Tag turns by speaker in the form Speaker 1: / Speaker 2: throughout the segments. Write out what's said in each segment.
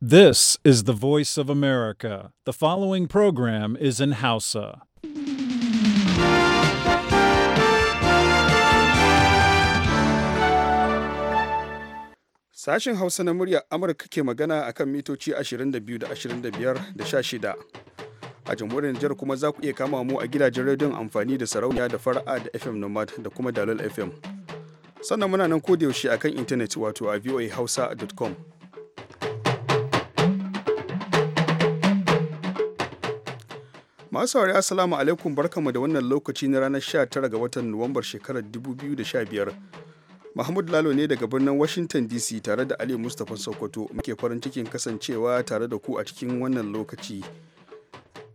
Speaker 1: This is the voice of America. The following program is in Hausa.
Speaker 2: Sashen Hausa na muryar Amurka ke magana akan mitoci 22 da 25 da 16. A jamhuriyar Nijar kuma za ku iya kama mu a gidajen rediyon amfani da sarauniya da fara'a da FM Nomad da kuma Dalol FM. Sannan muna nan a akan intanet wato a voahausa.com. Masu saurari Assalamu alaikum barkamu da wannan lokaci na ranar 19 ga watan Nuwambar shekarar 2015. Mahmud Lalo ne daga birnin Washington DC tare da Ali Mustapha Sokoto muke farin cikin kasancewa tare da ku a cikin wannan lokaci.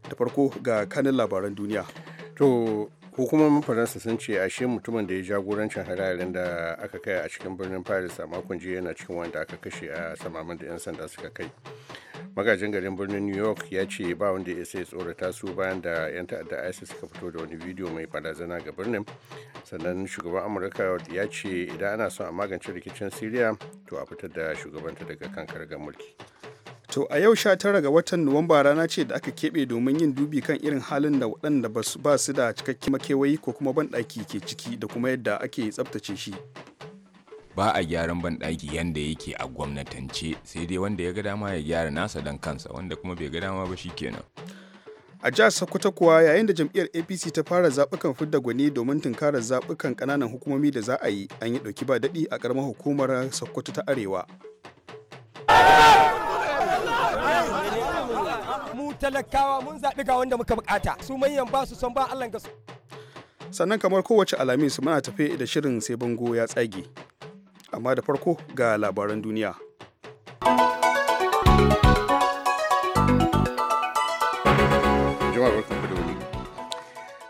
Speaker 2: Da farko ga kanin labaran duniya. To hukumomin Faransa sun ce ashe mutumin da ya jagorancin hararin
Speaker 3: da aka kai a cikin birnin Paris a makon jiya yana cikin wanda aka kashe a samamin da 'yan sanda suka kai. magajin garin birnin new york ya ce ba wanda ya sai tsorata su bayan da 'yan ta'adda isis suka fito da wani bidiyo mai barazana ga birnin sannan shugaban amurka ya ce
Speaker 2: idan ana son a magance rikicin syria
Speaker 3: to a fitar da shugabanta daga kan ga mulki
Speaker 2: To a yau 19 ga watan Nuwamba rana ce da aka keɓe domin yin dubi kan irin halin da waɗanda ba su da cikakken makewayi ko kuma banɗaki ke ciki da kuma yadda ake tsabtace shi.
Speaker 4: ba a gyaran banɗaki yanda yake a gwamnatance sai dai wanda ya ga dama ya gyara nasa don kansa wanda kuma bai ga dama ba shikenan
Speaker 2: a jihar sokoto kuwa yayin da jam'iyyar apc ta fara zaɓukan fidda gwani domin tunkarar zaɓukan ƙananan hukumomi da za a yi an yi ɗauki ba daɗi a ƙaramar hukumar sokoto ta arewa
Speaker 5: mu talakawa mun zaɓi ga wanda muka bukata su manyan ba su son ba allah ga su
Speaker 2: sannan kamar kowace alamis muna tafe da shirin sai bango ya tsage amma da farko ga labaran duniya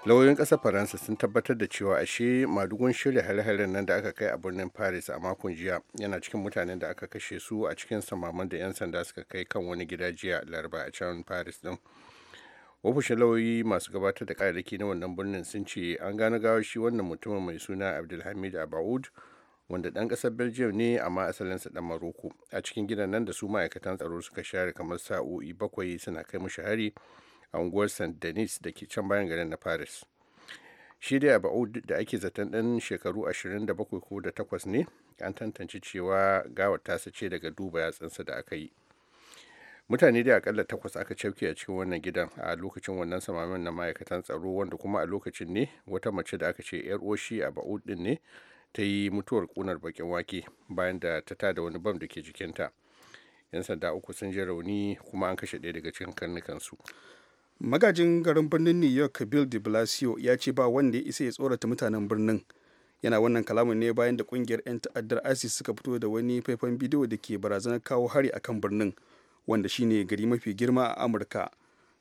Speaker 3: lauyoyin ƙasar faransa sun tabbatar da cewa ashe madugun shirya hare-haren nan da aka kai a birnin paris a makon jiya yana cikin mutanen da aka kashe su a cikin samaman da 'yan sanda suka kai kan wani gida jiya laraba a can paris ɗin ofishin lauyoyi masu gabatar da kayayyaki na wannan birnin sun ce an gano gawar shi wannan mutumin mai suna abdulhamid abaud wanda ɗan ƙasar belgium ne amma sa ɗan maroko a cikin gidan nan da su ma'aikatan tsaro suka share kamar sa'o'i bakwai suna kai mashi hari a unguwar st denis da ke can bayan garin na paris shi dai abu da ake zaton ɗan shekaru ashirin 27 ko da takwas ne an tantance cewa gawar ta sace daga duba yatsansa da aka yi mutane dai akalla takwas aka cafke a cikin wannan gidan a lokacin wannan samamin na ma'aikatan tsaro wanda kuma a lokacin ne wata mace da aka ce yar oshi a ba'ud ɗin ne ta yi mutuwar kunar bakin wake bayan da ta tada wani bam da ke jikinta yan sanda uku
Speaker 2: sun je rauni kuma an kashe ɗaya daga cikin karnukansu magajin garin birnin new york bill de blasio ya ce ba wanda ya isa ya tsorata mutanen birnin yana wannan kalamin ne bayan da kungiyar 'yan ta'addar isis suka fito da wani faifan bidiyo da ke barazanar kawo hari akan birnin wanda shine gari mafi girma a amurka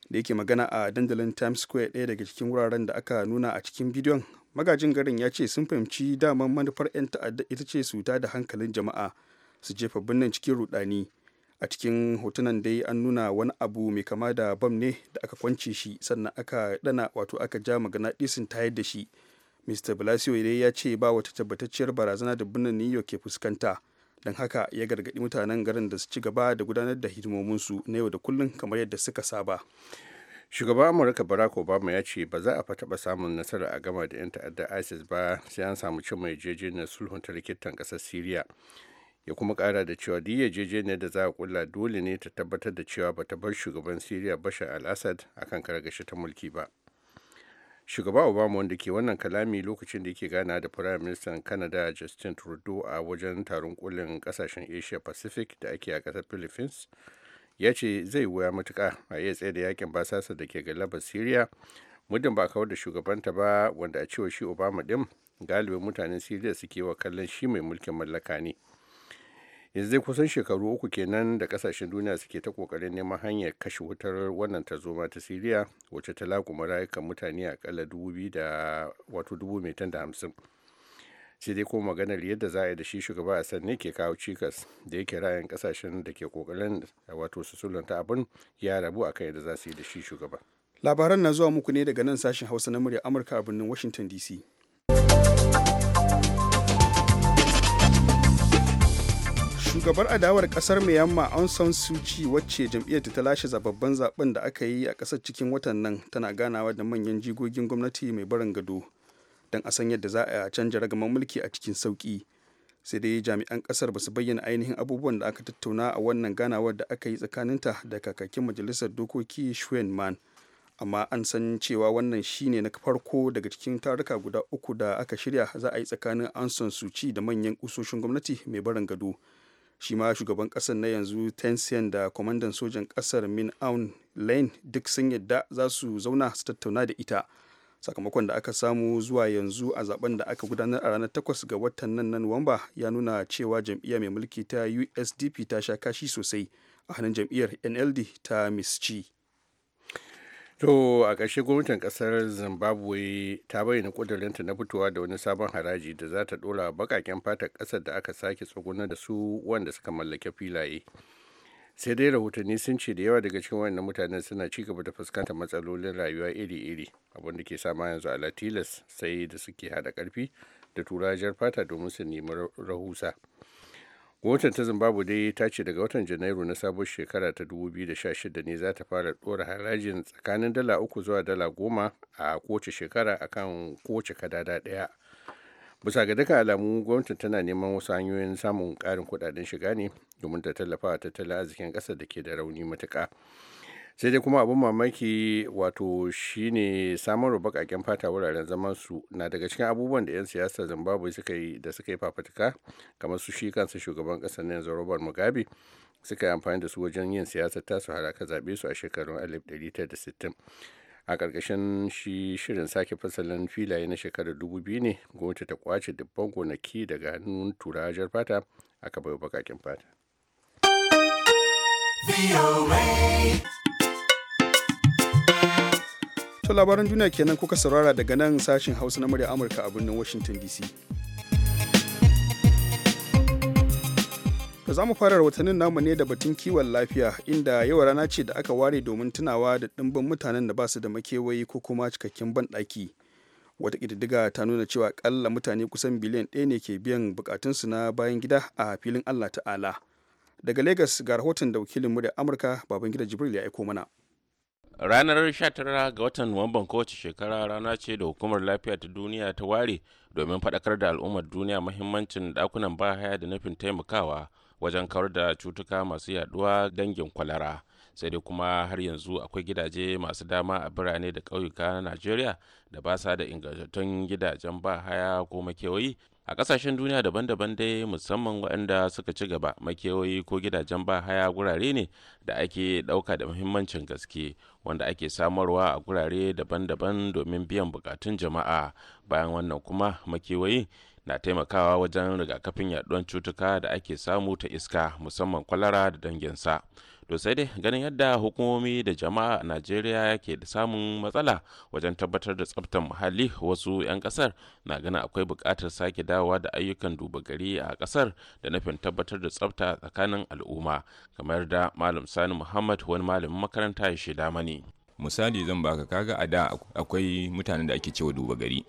Speaker 2: da yake magana a dandalin times square ɗaya daga cikin wuraren da aka nuna a cikin bidiyon magajin garin ya ce sun fahimci daman manufar 'yan ta'adda ita ce su da hankalin jama'a su jefa birnin cikin rudani a cikin hotunan dai an nuna wani abu mai kama da bam ne da aka kwance shi sannan aka dana wato aka ja magana disin tayar da shi mr blasio dai ya ce ba wata tabbatacciyar barazana da birnin new york ke fuskanta don haka ya gargaɗi mutanen garin da su ci gaba da gudanar da hidimominsu na yau da kullum kamar yadda suka saba shugaban amurka barack obama ya
Speaker 3: ce ba za a fa samun nasara a gama da 'yan ta'addar isis ba sai an samu cin mai na sulhun ta rikitan ƙasar syria ya kuma kara da cewa duk yarjejeniyar da za a kulla dole ne ta tabbatar da cewa ba ta bar shugaban syria bashar al-assad akan karagashi ta mulki ba shugaba obama wanda ke wannan kalami lokacin da yake gana da prime minister canada justin trudeau a wajen taron kulin kasashen asia pacific da ake a ƙasar philippines ya ce zai wuya matuka a iya tsaye da yakin basasa da ke galabar syria muddin ba kawar da shugabanta ba wanda a cewa shi obama din galibin mutanen syria suke wa kallon shi mai mulkin mallaka ne yanzu zai kusan shekaru uku kenan da kasashen duniya suke ta kokarin neman hanyar kashe wutar wannan tarzoma ta syria wacce ta lakuma rayukan mutane a dubu biyu da wato dubu mai hamsin sai dai ko maganar yadda za a yi da shi shugaba a sanne ke kawo cikas da yake rayan kasashen da ke kokarin
Speaker 2: wato su sulunta abin ya rabu a akan yadda za su yi da shi shugaba labaran na zuwa muku ne daga nan sashen hausa na murya amurka a birnin washington dc shugabar adawar kasar myanmar aung san suu kyi wacce jam'iyyar ta lashe zababban zaben da aka yi a kasar cikin watan nan tana ganawa da manyan jigogin gwamnati mai barin gado don a san yadda za a canja ragaman mulki a cikin sauki sai dai jami'an kasar ba su bayyana ainihin abubuwan da aka tattauna a wannan ganawar da aka yi tsakaninta da kakakin majalisar dokoki shuen man amma an san cewa wannan shine na farko daga cikin taruka guda uku da aka shirya za a yi tsakanin su ci da manyan kusoshin gwamnati mai barin gado shi ma shugaban kasar na yanzu tensian da kwamandan sojan kasar min aun lane duk sun yadda za su zauna su tattauna da ita sakamakon da aka samu zuwa yanzu a zaben da aka gudanar a ranar 8 ga watan nan na nuwamba ya nuna cewa jam'iyya mai mulki ta usdp ta sha kashi sosai a hannun jam'iyyar nld ta misci to a ƙarshe gwamnatin ƙasar
Speaker 3: zimbabwe ta bayyana ƙudurinta na fitowa da wani sabon haraji da za ta ɗora baƙaƙen fatar ƙasar da aka sake tsuguna da su wanda suka mallake filaye sai dai rahotanni sun ce da yawa daga cikin wannan mutanen suna ci gaba da fuskantar matsalolin rayuwa iri-iri abin da ke sama yanzu ala tilas sai da suke hada karfi da turajar fata domin su nemi rahusa gwamnatin ta zimbabwe dai ta ce daga watan janairu na sabon shekara ta 2016 ne za ta fara dora harajin tsakanin dala uku zuwa dala goma a kowace shekara akan kowace kadada daya bisa ga duka alamu gwamnati tana neman wasu hanyoyin samun karin kudaden shiga ne domin ta tallafa tattalin arzikin kasar da ke da rauni matuka sai dai kuma abin mamaki wato shine samun bakaken fata wuraren zaman su na daga cikin abubuwan da 'yan siyasar zimbabwe suka yi da suka yi fafatuka kamar su shi kansa shugaban kasar yanzu robert mugabe suka yi amfani da su wajen yin siyasar tasu haraka zaɓe su a shekarun 1960 a ƙarƙashin shi shirin sake fasalin filaye na shekarar 2000 ne gwamnati ta kwace dubban gonaki daga hannun turajar fata a kabar bakakin fata
Speaker 2: To labaran duniya kenan kuka saurara daga nan sashin hausa na murya amurka a birnin washington dc da za mu fara rahotannin namu ne da batun kiwon lafiya inda yau rana ce da aka ware domin tunawa da ɗimbin mutanen da ba su da makewayi ko kuma cikakken banɗaki wata ƙididdiga ta nuna cewa ƙalla mutane kusan biliyan ɗaya ne ke biyan bukatunsu na bayan gida a filin allah ta'ala daga legas ga rahoton da wakilinmu da amurka baban babangida jibril ya aiko mana
Speaker 4: ranar 19 ga watan nuwamban kowace shekara rana ce da hukumar lafiya ta duniya ta ware domin faɗakar da al'ummar duniya mahimmancin ɗakunan bahaya da nufin taimakawa wajen kawar da cutuka masu yaduwa dangin kwalara sai dai kuma har yanzu akwai gidaje masu dama a birane da ƙauyuka na najeriya da ba sa da ingantattun gidajen ba haya ko makewayi a ƙasashen duniya daban-daban dai musamman waɗanda suka ci gaba makewayi ko gidajen ba haya gurare ne da ake ɗauka da muhimmancin gaske wanda ake samarwa a gurare daban-daban domin biyan bukatun jama'a bayan wannan kuma makewayi na taimakawa wajen rigakafin yaduwar cutuka da ake samu ta iska musamman kwalara da danginsa to sai dai ganin yadda hukumomi da jama'a a najeriya ke da samun matsala wajen tabbatar da tsabtar muhalli wasu 'yan kasar na ganin akwai bukatar sake dawowa da ayyukan duba gari a kasar da nufin tabbatar da tsabta tsakanin al'umma kamar da malam sani muhammad wani malamin makaranta ya shaida mani misali zan baka kaga a da akwai mutanen da ake cewa duba gari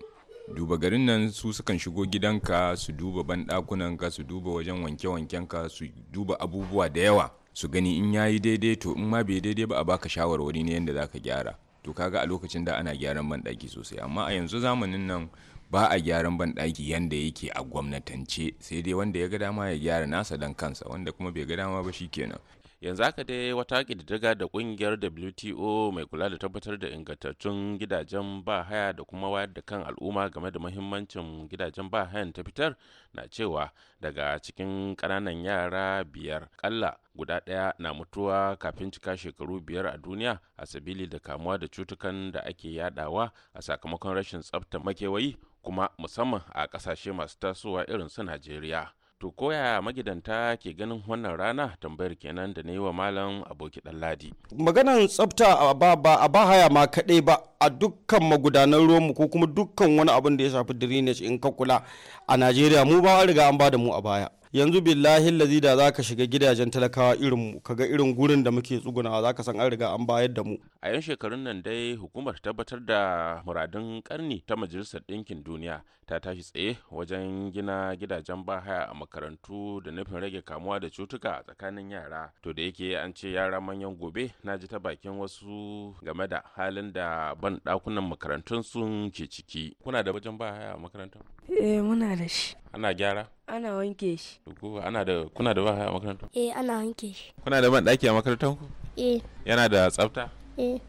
Speaker 4: duba garin nan su sukan shigo gidanka su duba banɗakunanka su duba wajen wanke-wankenka su duba abubuwa da yawa su gani in yayi daidai to in ma bai daidai ba a baka shawarwari ne yadda zaka gyara to kaga a lokacin da ana gyaran banɗaki sosai amma a yanzu zamanin nan ba a gyaran banɗaki yanda yake a gwamnatance sai dai wanda ya ga dama ya gyara nasa dan kansa wanda kuma bai ga dama ba shi kenan yanzu haka dai wata ƙididdiga da ƙungiyar wto mai kula da tabbatar da ingantattun gidajen ba haya da kuma wayar da kan al'umma game da mahimmancin gidajen ba hayan ta fitar na cewa daga cikin ƙananan yara biyar ƙalla guda ɗaya na mutuwa kafin cika shekaru biyar a duniya a sabili da kamuwa da cutukan da ake yadawa a sakamakon rashin tsafta makewayi kuma musamman a ƙasashe masu tasowa irin su najeriya To koya magidanta ke ganin wannan rana tambayar kenan da na yi wa malam aboki ɗan ladi.
Speaker 6: Maganan tsafta a ba haya ma kaɗai ba a dukkan magudanan ruwanmu ko kuma dukkan wani abin da ya shafi drainage in ka kula a najeriya mu ba riga an ba da mu a baya yanzu billahi lazi da za ka shiga gidajen talakawa irin mu kaga irin gurin da muke tsugunawa za ka san an riga an bayar da mu
Speaker 4: a yan shekarun nan dai hukumar tabbatar da muradun karni ta majalisar ɗinkin duniya ta tashi tsaye wajen gina gidajen bahaya a makarantu da nufin rage kamuwa da cutuka a tsakanin yara to da yake an ce yara manyan gobe na ji ta bakin wasu game da halin da ban dakunan makarantun sun ke ciki kuna da wajen ba haya a makarantar
Speaker 6: eh muna da shi
Speaker 4: ana gyara
Speaker 5: ana wanke shi
Speaker 4: ana da kuna da ba haya a makarantar
Speaker 5: eh ana wanke shi
Speaker 4: kuna da ban daki a makarantar ku eh yana da tsafta Eh,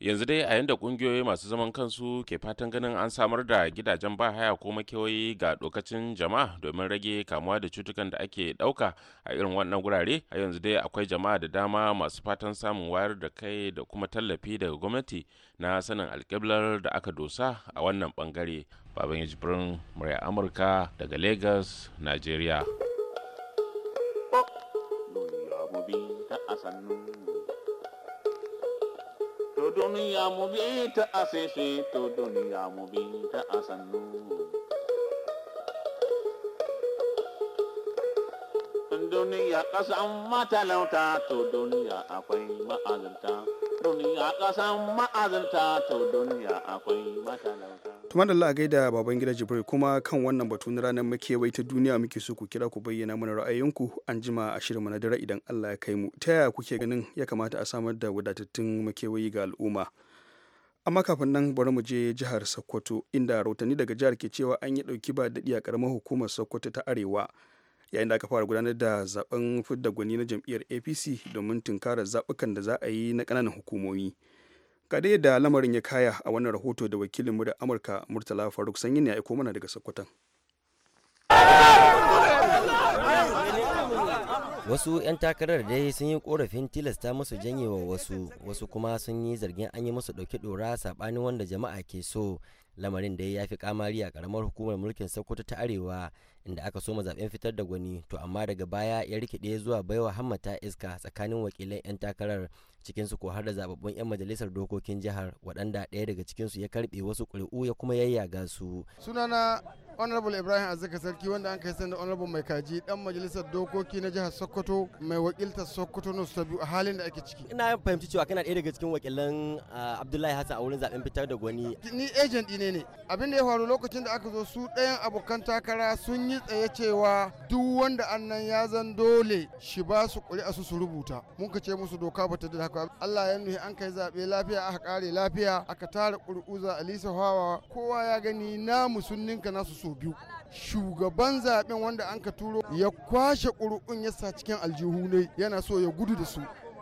Speaker 4: yanzu dai a yanda kungiyoyi masu zaman kansu ke fatan ganin an samar da gidajen bahaya ko makewayi ga dokacin jama'a domin rage kamuwa da cutukan da ake dauka a irin wannan gurare a yanzu dai akwai jama'a da dama masu fatan samun wayar da kai da kuma tallafi daga gwamnati na sanin alkiblar da aka dosa a wannan bangare baban yajibirin murya amurka daga lagos nigeria to duniya mu bi ta asese to duniya mu bi ta asannu duniya ƙasan matalauta to duniya akwai ma'azinta duniya ƙasan ma'azinta to duniya akwai
Speaker 7: matalauta
Speaker 2: tuma da Allah gaida baban gida Jibril kuma kan wannan batu na ranar makewai ta duniya muke so ku kira ku bayyana mana ra'ayinku an jima a mu na dare idan Allah ya kai mu ta yaya kuke ganin ya kamata a samar da wadatattun makewayi ga al'umma amma kafin nan bari mu je jihar Sokoto inda rautani daga jihar ke cewa an yi dauki ba daɗi a karamar hukumar Sokoto ta Arewa yayin da aka fara gudanar da zaben fidda gwani na jam'iyyar apc domin tunkarar zaɓukan da za a yi na kananan hukumomi ga dai da lamarin ya kaya a wannan rahoto da wakilinmu da amurka murtala faruk sanyin ya aiko mana daga sokoton
Speaker 7: wasu 'yan
Speaker 5: takarar dai sun yi korafin tilasta musu janyewa wasu wasu kuma sun yi zargin an yi musu ɗauki ɗora saɓanin wanda jama'a ke so lamarin da ya fi kamari a karamar hukumar mulkin sokoto ta arewa inda aka soma zaben fitar da gwani to amma daga baya ya rikide zuwa baiwa hammata iska tsakanin wakilan 'yan takarar cikinsu ko har da zababbun 'yan majalisar dokokin jihar waɗanda ɗaya daga cikinsu ya karɓe wasu ƙuri'u ya kuma yayyaga su
Speaker 2: sunana honorable ibrahim azzaka sarki wanda an kai san da honorable mai kaji dan majalisar dokoki na jihar sokoto mai wakiltar sokoto na ta biyu a halin da ake ciki
Speaker 5: ina fahimci cewa kana ɗaya daga cikin wakilan ah, abdullahi hassan a wurin zaben fitar da gwani
Speaker 2: ni agent ne ne abin da ya faru lokacin da aka zo su ɗayan abokan takara sun yi yi cewa duk wanda annan ya zan dole shi ba su ƙuri'a su su rubuta mun ka ce musu doka ba ta da haka Allah ya nuhi an kai zaɓe lafiya aka ƙare lafiya aka tara ƙurƙuza Alisa Hawa kowa ya gani na sun nasu so biyu shugaban zaɓen wanda an ka turo ya kwashe ƙuri'un ya sa cikin aljihu ne yana so ya gudu da su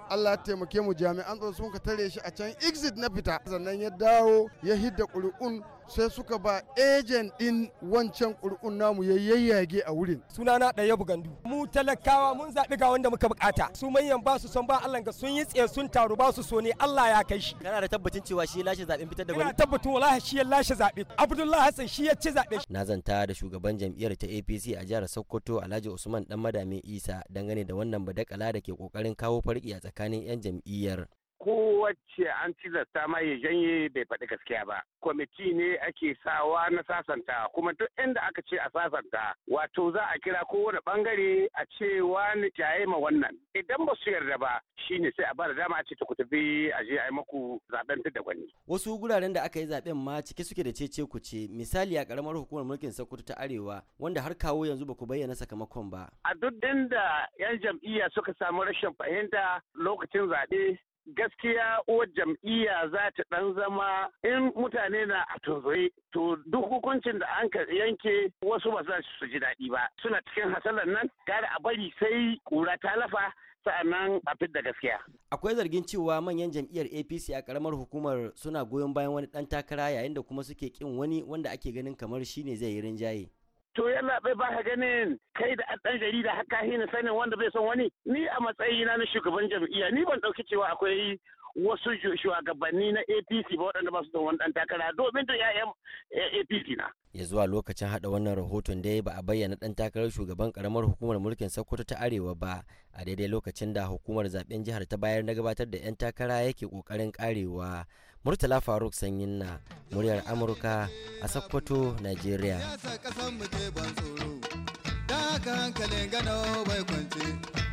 Speaker 2: Allah taimake mu jami'an tsaro sun ka tare shi a can exit na fita sannan ya dawo ya hidda ƙuri'un sai suka ba ejen din wancan ƙuri'un namu ya yayyage a wurin.
Speaker 5: Sunana ɗaya bugandu. Mu talakawa mun zaɓi ga wanda muka buƙata. Su manyan ba su son ba Allah ga sun yi tsaye sun taru ba su so ne Allah ya kai shi. Kana da tabbacin cewa shi lashe zaɓen fitar da wani Ina tabbatun wallahi shi ya lashe zaɓe. Abdullahi Hassan shi ya ci zaɓe. Na zanta da shugaban jam'iyyar ta APC a jihar Sokoto Alhaji Usman Dan madamin Isa dangane da wannan badakala da ke kokarin kawo farki a tsakanin 'yan jam'iyyar.
Speaker 6: kowace an tilasta ma ya janye bai faɗi gaskiya ba. Kwamiti ne ake sawa na sasanta kuma duk inda aka ce a sasanta wato za a kira kowane bangare a ce wani jaye ma wannan. Idan ba su yarda ba shi ne sai a ba dama a ce ku tafi a je a yi maku zaben da gwani.
Speaker 5: Wasu guraren da aka yi zaben ma cike suke da cece ku ce misali a karamar hukumar mulkin Sokoto ta Arewa wanda har kawo yanzu ba ku bayyana sakamakon ba.
Speaker 6: A duk inda 'yan jam'iyya suka samu rashin fahimta lokacin zaɓe gaskiya uwar jam'iyya za ta ɗan zama in mutane na a tunzuri to duk hukuncin da an yanke wasu ba za su ji daɗi ba suna cikin hasalar nan gara a bari sai ƙura ta lafa sa'annan a fidda gaskiya.
Speaker 5: Akwai zargin cewa manyan jam'iyyar APC a karamar hukumar suna goyon bayan wani ɗan takara yayin da kuma suke ƙin wani wanda ake ganin kamar shine zai yi rinjaye. To yalla bai ba ka ganin
Speaker 6: kai da ɗan jarida haka hina sanin wanda bai son wani ni a matsayina na shugaban jam'iyya ni ban ɗauki cewa akwai wasu shugabanni na APC ba waɗanda ba su son wani ɗan takara domin da ya'yan eh, APC na.
Speaker 5: Ya zuwa lokacin haɗa wannan rahoton dai ba a bayyana ɗan takarar shugaban karamar hukumar mulkin Sokoto ta Arewa ba a daidai lokacin da hukumar zaben jihar ta bayar na gabatar da 'yan takara yake ƙoƙarin karewa murtala faruk sanyin na muryar amurka a sokoto nigeria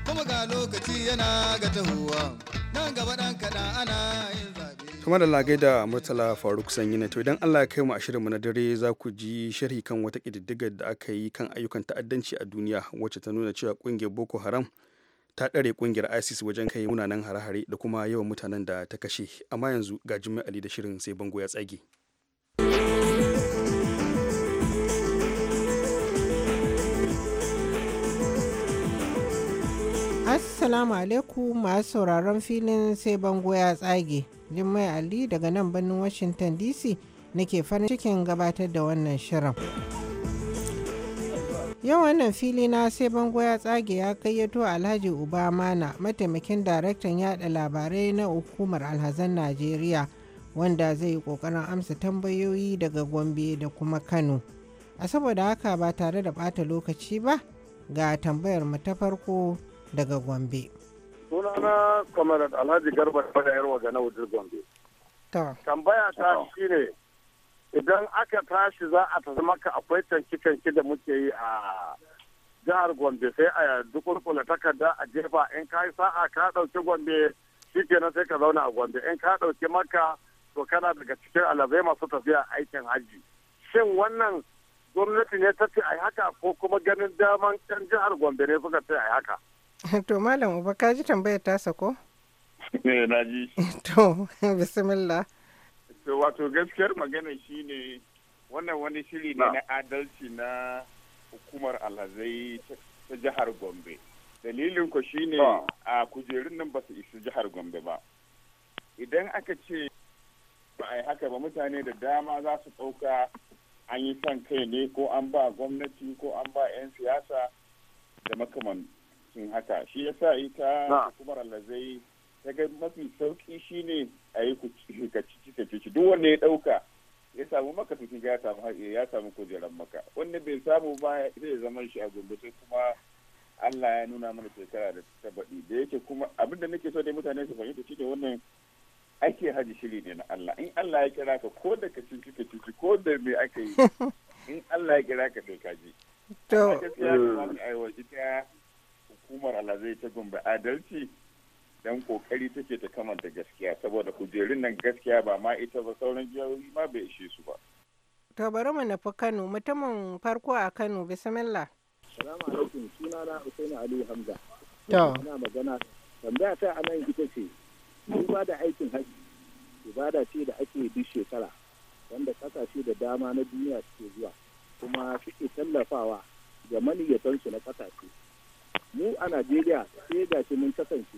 Speaker 2: kuma ga lokaci yana ga tahowa nan gaba ana yin zaɓe. kuma da lagai da murtala faruk sanyi na to idan allah ya kai mu a shirinmu na dare za ku ji sharhi kan wata ƙididdigar da aka yi kan ayyukan ta'addanci a duniya wacce ta nuna cewa ƙungiyar boko haram ta ɗare ƙungiyar isis wajen kai munanan hare-hare da kuma yawan mutanen da ta kashe amma yanzu ga jimmy ali da shirin sai bango ya tsage
Speaker 1: Assalamu alaikum masu sauraron filin sai bango ya tsage. Jummai Ali daga nan birnin Washington DC nake farin cikin gabatar da wannan shirin. yau wannan fili na sai bango ya tsage ya kayyato alhaji uba mana mataimakin daraktan yada labarai na hukumar alhazan najeriya wanda zai yi kokarin amsa tambayoyi daga gombe da kuma kano a saboda haka ba tare da bata lokaci ba ga tambayar mu ta farko daga gombe
Speaker 7: sunana kamar alhaji garba da yarwa ga na gombe tambaya ta shine idan aka tashi za a tafi maka akwai canki-canki da muke yi a jihar gombe sai a kurkula takarda a jefa in ka yi sa'a ka ɗauki gombe shi shikenan sai ka zauna a gombe in ka ɗauki maka to kana daga cikin alazai masu tafiya aikin hajji shin wannan gwamnati ne ta ce a haka ko kuma ganin daman can jihar gombe ne suka ce a haka
Speaker 1: to malam uba ka ji tambayar tasa ko eh, na ji to bismillah
Speaker 7: To wato gaskiyar magana
Speaker 8: shine wannan wani shiri ne na adalci na hukumar alhazai ta jihar Gombe. Dalilin ku shine a kujerun nan ba su isa jihar Gombe ba. Idan aka ce ba a yi haka ba mutane da dama za su ɗauka an yi son kai ne ko an ba gwamnati ko an ba 'yan siyasa da makamancin haka. Shi yasa ita hukumar alhazai ta ga mafi sauki shine a yi kacici kacici duk wanda ya ɗauka ya samu maka to ya samu ya samu kujeran maka wanda bai samu ba zai zama shi a gombe sai kuma Allah ya nuna mana shekara da ta baɗi da yake kuma abinda nake so dai mutane su fahimta ne wannan ake haji shiri ne na Allah in Allah ya kira ka ko da ka cici ka cici ko da me aka yi in Allah ya kira ka sai ka ji
Speaker 1: to ita
Speaker 8: eh. hukumar Allah zai ta gombe adalci dan kokari take ta kamanta gaskiya saboda kujerun nan gaskiya ba ma ita ba sauran jihohi ma bai ishe su
Speaker 7: ba
Speaker 1: to bari mu nufi Kano mutumin farko a Kano bismillah
Speaker 7: salamu alaikum suna na Usaini Ali Hamza to ina magana tambaya ta anan ita ce ba da aikin haji ibada ce da ake bi shekara wanda kasashe da dama na duniya suke zuwa kuma suke tallafawa ga maniyyatansu na kasashe mu a Najeriya sai gashi mun kasance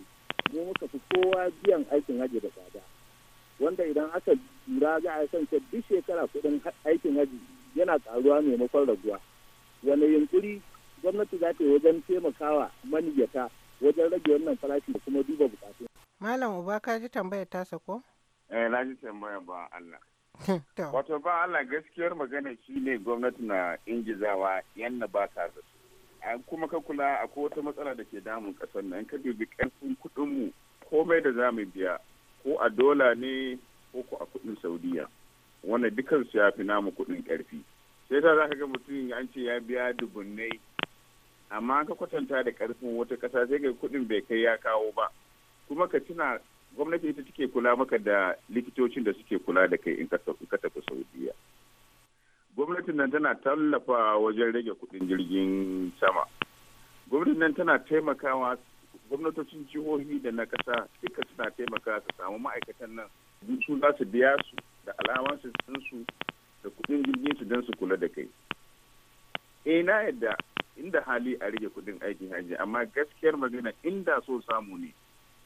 Speaker 7: mu muka fi kowa biyan aikin haji da tsada wanda idan aka lura za a san duk shekara kuɗin aikin haji yana karuwa maimakon raguwa wani yunkuri gwamnati za ta yi wajen taimakawa maniyyata wajen rage wannan farashi da kuma duba bukatu.
Speaker 1: Malam Uba ka ji tambayar tasa ko?
Speaker 7: Eh na ji tambaya ba Allah. Wato
Speaker 8: ba Allah gaskiyar magana shine gwamnati na ingizawa yanna ba ta zato. kuma ka kula akwai wata matsala da ke damun kasar nan ka dubi karfin kuɗin mu komai da za mu biya ko a dola ne ko ko a kuɗin saudiya wanda dukan su ya fi namu kuɗin karfi sai ta za ka ga mutum an ce ya biya dubunnai amma ka kwatanta da karfin wata ƙasa sai ga kuɗin bai kai ya kawo ba kuma ka tuna gwamnati ita take kula maka da likitocin da suke kula da kai in ka tafi saudiya gwamnatin nan tana tallafa wajen rage kudin jirgin sama gwamnatin nan tana taimakawa gwamnatocin jihohi da na kasa duka suna taimakawa su samu ma'aikatan nan su za su biya su da alamansu sun su da kudin jirgin su don su kula da kai ina eh, na yadda inda hali a rage kudin aikin hajji amma gaskiyar magana inda so samu ne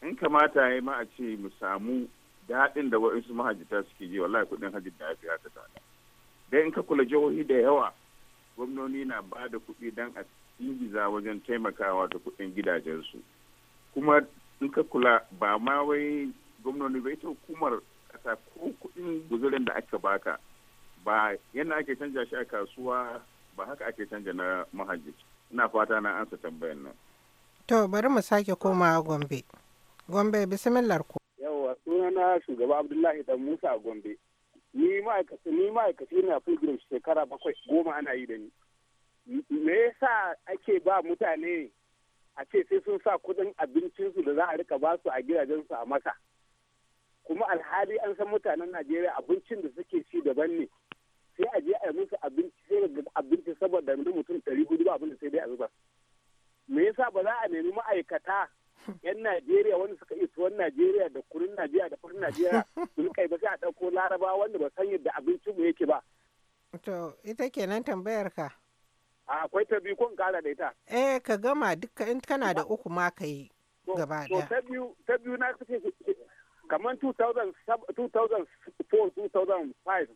Speaker 8: in kamata ya ma a ce mu samu daɗin da wa'insu mahajjata suke ji wallahi kudin hajji da ya fi haka tsada da in ka kula jihohi da yawa gwamnoni na ba da kuɗi don a ingiza wajen taimakawa da kuɗin gidajensu kuma in ka kula ba ma wai gwamnoni bai ta hukumar kasa ko kuɗin guzurin da aka baka ba yana ake canja shi a kasuwa ba haka ake canja na mahajji ina fata na ansa tambayan nan
Speaker 1: to bari mu sake komawa gombe gombe bismillah ku
Speaker 7: yawa sunana shugaba abdullahi dan musa a gombe ni ma'aikaci ni ma'aikaci shekara bakwai goma ana yi da ni me yasa ake ba mutane a ce sai sun sa kudin abincinsu da za a rika ba su a gidajensu a maka kuma alhali an san mutanen najeriya abincin da suke ci daban ne sai a je a yi musu abinci sai da abinci saboda mutum ɗari hudu ba abin da sai dai a zuba me yasa ba za a nemi ma'aikata yan Najeriya wanda suka yi tuwon Najeriya da kurin Najeriya da farin Najeriya su kai ba sai a ɗauko Laraba wanda ba san yadda abincin mu yake
Speaker 1: ba. To ita kenan tambayar ka.
Speaker 7: Akwai ta biyu kun kala da ita.
Speaker 1: Eh ka gama duka in kana da uku ma ka yi gaba ɗaya. ta
Speaker 7: biyu ta biyu na kace kamar 2004-2005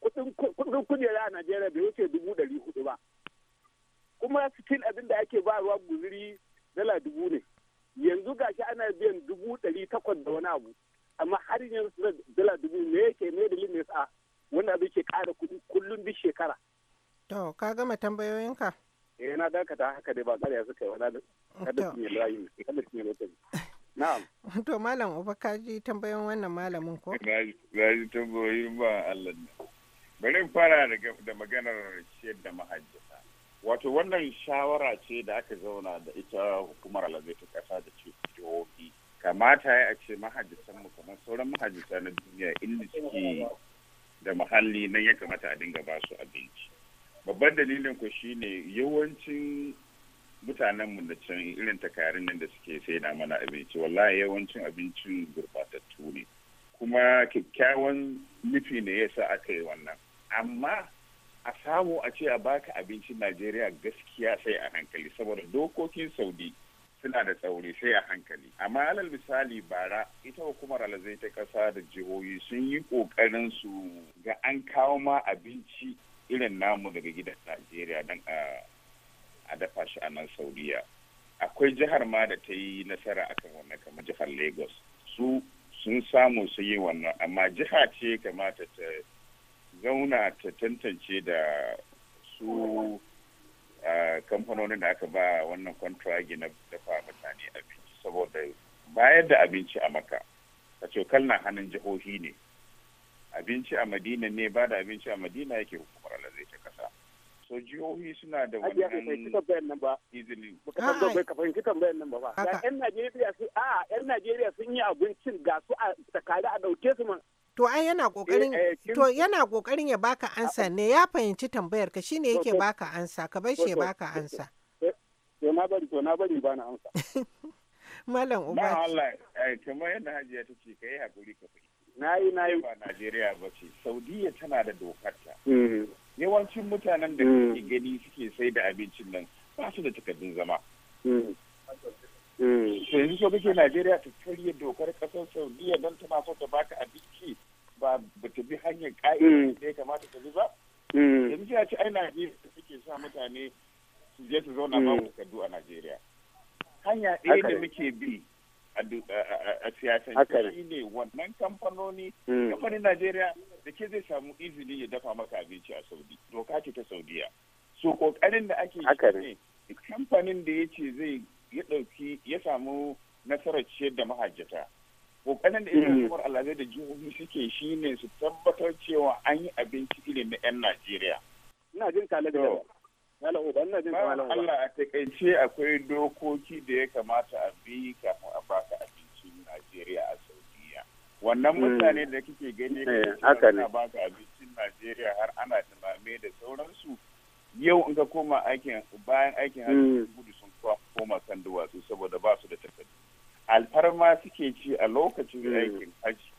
Speaker 7: kudin kujera a Najeriya bai wuce dubu ɗari hudu ba. Kuma cikin abin da ake ba ruwa guziri dala dubu ne. yanzu gashi ana biyan dubu ɗari takwas da wani abu amma har yanzu dala dubu me yake me dalilin sa wanda abu
Speaker 1: ke ƙara kuɗi kullum bi shekara. to ka gama tambayoyinka.
Speaker 7: eh na dakata haka dai ba ƙarya suka yi wani kada su yi rayu kada su yi lokaci.
Speaker 1: na'am. to malam uba ka ji tambayoyin wannan malamin ko.
Speaker 7: na
Speaker 8: ji tambayoyin ba Allah ne. bari fara da maganar ciyar da wato wannan shawara ce da aka zauna da ita hukumar alamai ta kasa da ce jihohi kamata ya ce mahajjisan mu kamar sauran mahajjisa na duniya inda suke da muhalli nan ya kamata a dinga ba su abinci babban dalilin ku shine yawancin mutanen mu na can irin takarin nan da suke sai na mana abinci wallahi yawancin abincin gurbatattu ne kuma kyakkyawan nufi ne yasa aka yi wannan amma a samu a ce a baka abincin najeriya gaskiya sai a hankali saboda dokokin saudi suna da tsauri sai a hankali amma alal misali bara ita hukumar alazai ta kasa da jihohi sun yi kokarin su ga an kawo ma abinci irin namu daga gidan najeriya don a dafa shi a nan saudiya akwai jihar ma da ta yi nasara akan wannan kamar jihar lagos su sun samu su yi wannan amma jiha ce kamata ta zauna ta tantance da su kamfanonin da aka ba wannan kwantiragi na dafa mutane abinci saboda bayar da abinci a maka a cokal na hannun jihohi ne abinci a madina ne ba da abinci a madina yake hukumar alazai ta kasa so jihohi suna da wani
Speaker 7: izinin. ka fahimci tambayar ba ba yan najeriya sun yi abincin ga su a tsakari a ɗauke su man To ai yana kokarin eh, eh, to
Speaker 1: yana kokarin ya baka ah, ansa ah. ne ya fahimci tambayar ka shine yake baka ansa ka bar shi ya baka ansa.
Speaker 7: To na bari to na bari bana ansa.
Speaker 1: Malam Uba. Na Allah
Speaker 7: eh kamar
Speaker 8: yadda Hajiya ta kai hakuri ka fahimci.
Speaker 7: Na yi na yi ba
Speaker 8: Najeriya ba ce Saudiya tana da dokar dokarta. Mm-hmm. Yawancin mutanen da mm. kake gani suke sai da abincin nan ba su da takardun zama.
Speaker 7: Mm. Eh. Eh, yanzu
Speaker 8: so kake najeriya ta karye dokar kasar saudiya don tana so ta baka abinci ba ba ta bi hanyar ka'ida mm. da ya kamata ta bi ba
Speaker 7: mm. yanzu
Speaker 8: ya ce ai najeriya suke sa mutane su je su zauna ba mm. takardu a najeriya
Speaker 7: hanya ɗaya da muke
Speaker 8: bi a siyasance shi ne wannan kamfanoni kamfanin najeriya da ke zai samu izini ya dafa maka abinci a saudi doka ce ta saudiya so kokarin da ake shi ne kamfanin da ya ce zai ya ɗauki ya samu nasarar ciyar da mahajjata ƙoƙarin da irin mm. hukumar alhazai da jihohi suke ne su tabbatar cewa an yi abinci irin na 'yan najeriya
Speaker 7: ina jin kale da Allah a
Speaker 8: taƙaice akwai dokoki da ya kamata a bi kafin a baka abincin Najeriya a Saudiya. Wannan mm. mutane da kike gani eh, ana baka abincin Najeriya har ana tumame da sauransu. Yau in ka koma aikin bayan aikin hajji mm. gudu koma kan duwatsu saboda ba su da takardu alfarma suke ci a lokacin mm. aikin hajji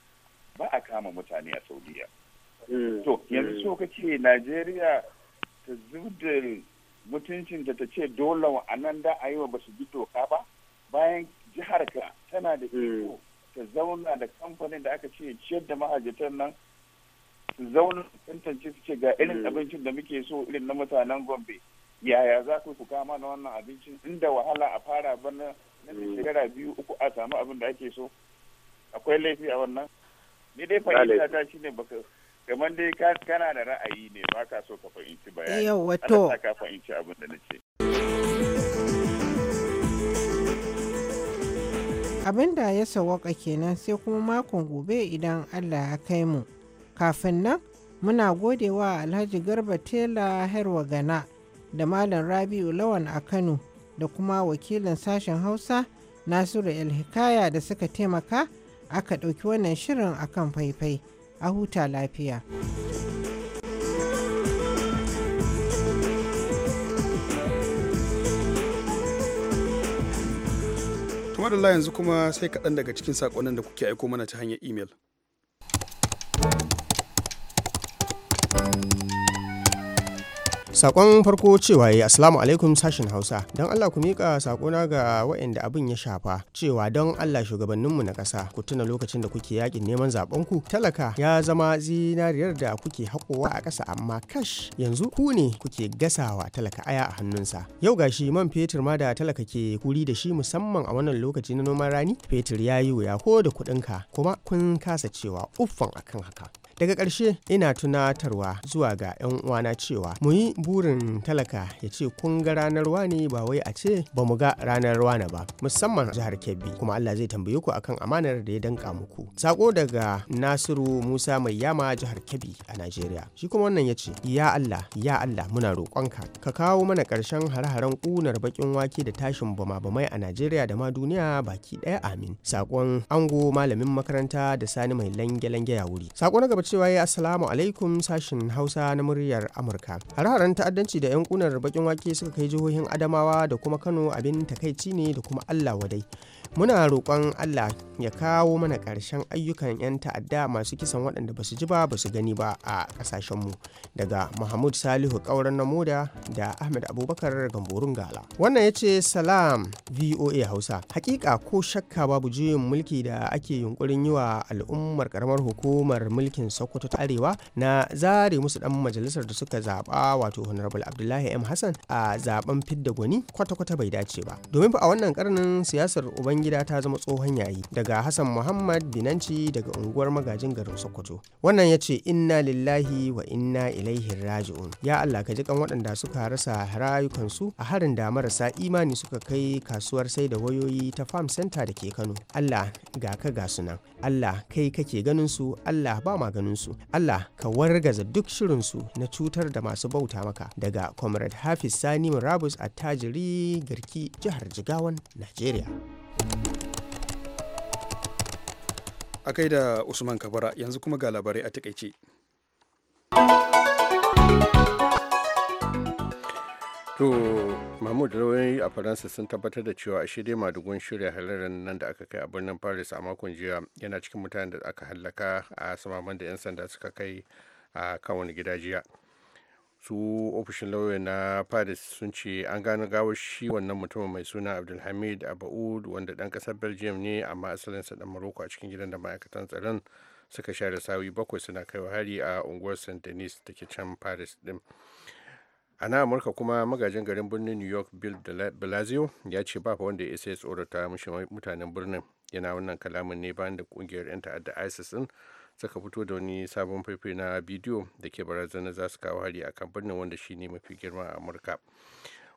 Speaker 8: ba a kama mutane a saudiya
Speaker 7: mm. to yanzu
Speaker 8: mm. so ka ce najeriya ta da mutuncinta ta ce dole a nan da a yi wa ba su bi doka ba bayan jihar ka tana da iko ta zauna da kamfanin da aka ce ciyar da mahajjatan nan su zauna tantance su ce ga irin abincin da muke so irin na mutanen gombe yaya za ku fuka kama na wannan abincin inda wahala a fara bana na mm. shekara biyu uku a samu abin da ake so akwai laifi a wannan ni dai fahimta ta shine baka kamar dai kana da ra'ayi ne ba ka so ka fahimci bayani yawa to ka fahimci abin da nace
Speaker 1: abin da ya sawaka kenan sai kuma makon gobe idan allah ya kai mu kafin nan muna godewa alhaji garba tela herwa gana da Malam Rabi'u Lawan a Kano da kuma wakilin sashen Hausa Nasiru El-Hikaya da suka taimaka aka ɗauki wannan shirin akan faifai a huta lafiya.
Speaker 2: madalla yanzu kuma sai kaɗan daga cikin saƙonin da kuke aiko mana ta hanyar imel.
Speaker 9: sakon farko cewa ya asalamu alaikum sashen hausa don allah ku mika sakona ga waɗanda abin ya shafa cewa don allah shugabanninmu na ƙasa ku tuna lokacin da kuke yakin neman ku talaka ya zama zinariyar da kuke haƙowa a ƙasa amma kash yanzu ku ne kuke gasawa talaka aya a hannunsa yau gashi man fetur ma da talaka ke kuri da shi musamman a wannan lokaci na noman rani fetur ya yi wuya ko da kuɗinka kuma kun kasa cewa uffan akan haka daga ƙarshe ina tunatarwa zuwa ga 'yan uwana cewa mu yi burin talaka ya ce kun ga ranar wani ba wai a ce ba mu ga ranar wani ba musamman jihar kebbi kuma allah zai tambaye ku akan amanar da ya danka muku sako daga nasiru musa mai yama jihar kebbi a najeriya shi kuma wannan ya ce ya allah ya allah muna roƙonka ka kawo mana ƙarshen hare-haren ƙunar baƙin wake da tashin bama-bamai a najeriya da ma duniya baki ɗaya amin sakon ango malamin makaranta da sani mai lange-lange ya wuri sako na gaba cewa ya assalamu alaikum sashin hausa na muryar amurka har ta'addanci da 'yan kunar bakin wake suka kai jihohin adamawa da kuma kano abin takaici ne da kuma allah wadai muna roƙon Allah ya kawo mana ƙarshen ayyukan 'yan ta'adda masu kisan waɗanda ba su ji ba ba su gani ba a ƙasashenmu daga Mahmud Salihu na Moda da Ahmed Abubakar Gamborun Gala. Wannan ya ce Salam VOA Hausa. Hakika ko shakka babu juyin mulki da ake yunkurin yi wa al'ummar ƙaramar hukumar mulkin Sokoto ta Arewa na zare musu ɗan majalisar da suka zaɓa wato Honorable Abdullahi M Hassan a zaben fidda gwani kwata-kwata bai dace ba. Domin fa a wannan ƙarnin siyasar ubangi gida ta zama tsohon yayi daga Hassan Muhammad Binanci daga unguwar magajin garin Sokoto. Wannan ya ce inna lillahi wa inna ilaihin raji'un. Ya Allah ka ji kan waɗanda suka rasa rayukansu a harin da marasa imani suka kai kasuwar sai da wayoyi ta Farm Center da ke Kano. Allah ga ka ga su nan Allah kai kake ganin su, Allah ba ma ganin su. Allah ka wargaza duk shirin su na cutar da masu bauta maka daga Comrade Hafiz Sani Murabus attajiri Garki jihar Jigawan, Najeriya.
Speaker 2: a kai da usman kabara yanzu kuma ga labarai a takaice
Speaker 3: to mahmud rauni a faransa sun tabbatar da cewa ashe dai madugun shirya halarar nan da aka kai a birnin paris a makon jiya yana cikin mutanen da aka hallaka a samaman da 'yan sanda suka kai a kan wani gida jiya su ofishin lauya na paris sun ce an gano gawar shi wannan mutumin mai suna abdulhamid abaud wanda dan kasar belgium ne amma asalinsa dan maroko a cikin gidan da ma'aikatan tsaron suka share sawi bakwai suna kaiwa hari a unguwar st denis da ke can paris din a na amurka kuma magajin garin birnin new york bill blasio ya ce ba fa wanda ya isa ya tsorata mutanen birnin yana wannan kalamin ne bayan da kungiyar 'yan ta'adda isis din suka fito da wani sabon faifai na bidiyo da ke barazana za su kawo hari akan birnin wanda shi ne mafi girma a amurka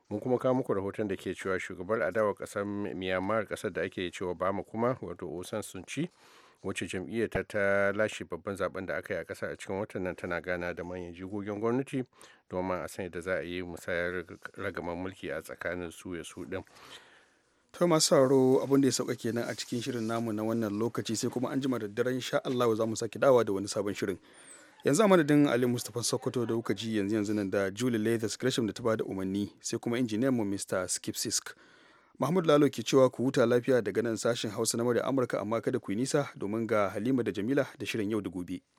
Speaker 3: mun kuma kawo muku rahoton da ke cewa shugabar adawa kasar myanmar kasar da ake cewa bama kuma wato osan sun ci wacce jam'iyyar ta lashe babban zaben da aka yi a kasa a cikin watan nan tana gana da manyan jigogin gwamnati domin a sanya da za a yi musayar ragaman mulki a tsakanin su ya
Speaker 2: su din to masu sauraro abin da ya sauka kenan a cikin shirin namu na wannan lokaci sai kuma an jima da daren sha Allah za mu sake dawa da wani sabon shirin yanzu a madadin Ali Mustapha Sokoto da kuka ji yanzu yanzu nan da Julie Leather Gresham da ta bada umarni sai kuma injiniyan mu Mr. skipsisk Sisk Mahmud Lalo ke cewa ku huta lafiya daga nan sashen Hausa na Amurka amma kada ku yi nisa domin ga Halima da Jamila da shirin yau da gobe.